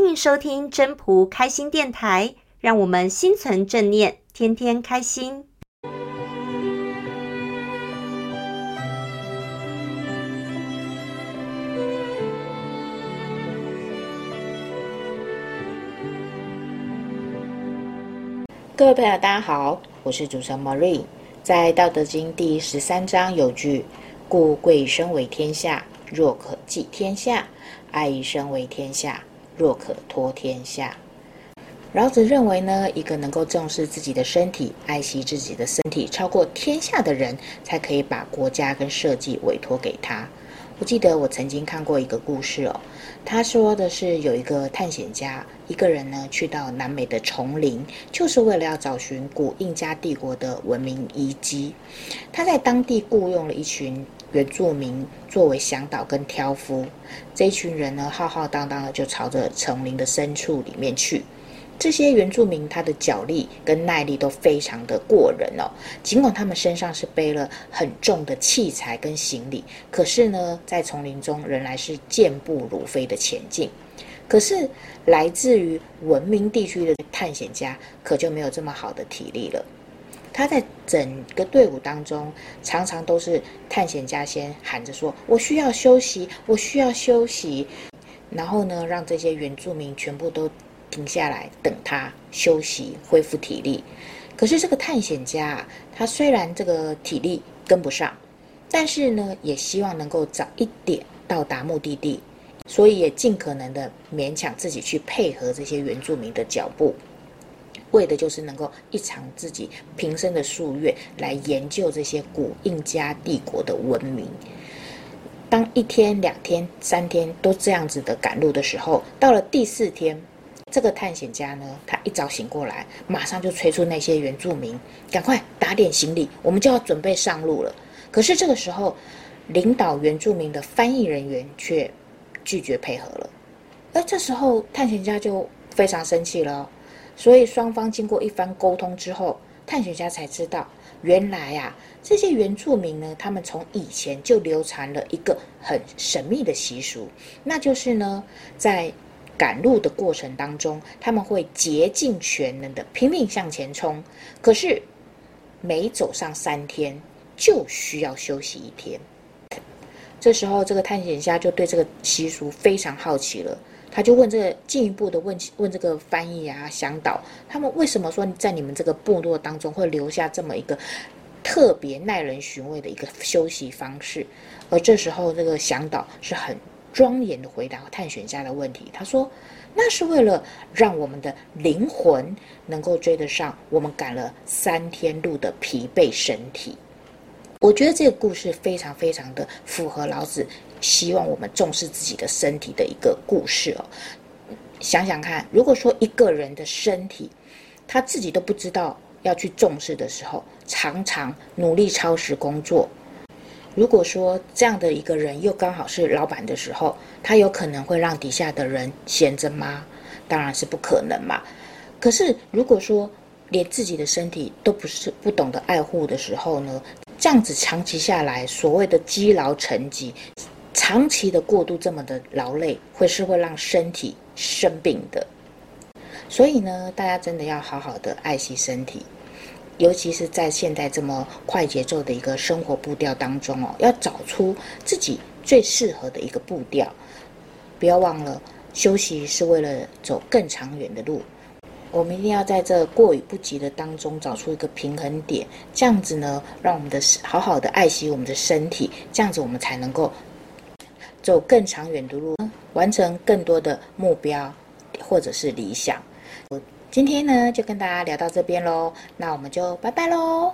歡迎收聽真樸開心電台，讓我們心存正念，天天開心。各位朋友，大家好，我是主持人 Marie。在《道德經》第十三章有句：“故貴以身為天下，若可寄天下；愛以身為天下。”若可托天下，老子認為呢，一個能夠重視自己的身體、愛惜自己的身體，超過天下的人，才可以把國家跟社稷委托給他。我記得我曾經看過一個故事哦，他說的是有一個探險家，一個人呢去到南美的叢林，就是為了要找尋古印加帝國的文明遺跡。他在當地雇用了一群原住民。作為向導跟挑夫，這群人呢，浩浩蕩蕩的就朝着叢林的深處裡面去。這些原住民，他的腳力跟耐力都非常的過人哦。儘管他們身上是背了很重的器材跟行李，可是呢，在叢林中仍然是健步如飛的前進。可是，來自於文明地區的探險家，可就沒有這麼好的體力了。他在整個隊伍當中，常常都是探險家先喊着說：“我需要休息，我需要休息。”然後呢，讓這些原住民全部都停下來等他休息恢復體力。可是這個探險家，他雖然這個體力跟不上，但是呢，也希望能夠早一點到達目的地，所以也盡可能的勉強自己去配合這些原住民的腳步。為的就是能夠一償自己平生的夙願，來研究這些古印加帝國的文明。當一天、兩天、三天都這樣子的趕路的時候，到了第四天，這個探險家呢，他一早醒過來，馬上就催促那些原住民，趕快打點行李，我們就要準備上路了。可是這個時候，領導原住民的翻譯人員卻拒絕配合了。而這時候探險家就非常生氣了。所以雙方經過一番溝通之後，探險家才知道，原來啊，這些原住民呢，他們從以前就流傳了一個很神秘的習俗，那就是呢，在趕路的過程當中，他們會竭盡全能的拼命向前衝，可是每走上三天就需要休息一天。這時候，這個探險家就對這個習俗非常好奇了。他就問這個進一步的問問這個翻譯啊，向導，他們為什麼說在你們這個部落當中會留下這麼一個特別耐人尋味的一個休息方式？而這時候，這個向導是很莊嚴的回答探險家的問題。他說：“那是為了讓我們的靈魂能夠追得上我們趕了三天路的疲憊身體。”我覺得這個故事非常非常的符合老子希望我們重視自己的身體的一個故事哦。想想看，如果說一個人的身體他自己都不知道要去重視的時候，常常努力超時工作。如果說這樣的一個人又剛好是老板的時候，他有可能會讓底下的人閒着嗎？當然是不可能嘛。可是如果說連自己的身體都不是不懂得愛護的時候呢？這樣子長期下來，所謂的積勞成疾，長期的過度這麼的勞累，會是會讓身體生病的。所以呢，大家真的要好好的愛惜身體，尤其是在現在這麼快節奏的一個生活步調當中哦，要找出自己最適合的一個步調。不要忘了，休息是為了走更長遠的路。我們一定要在這過與不及的當中找出一個平衡點，這樣子呢，讓我們的好好的愛惜我們的身體，這樣子我們才能夠走更長遠的路，完成更多的目標或者是理想。我今天呢，就跟大家聊到這邊嘍，那我們就拜拜嘍。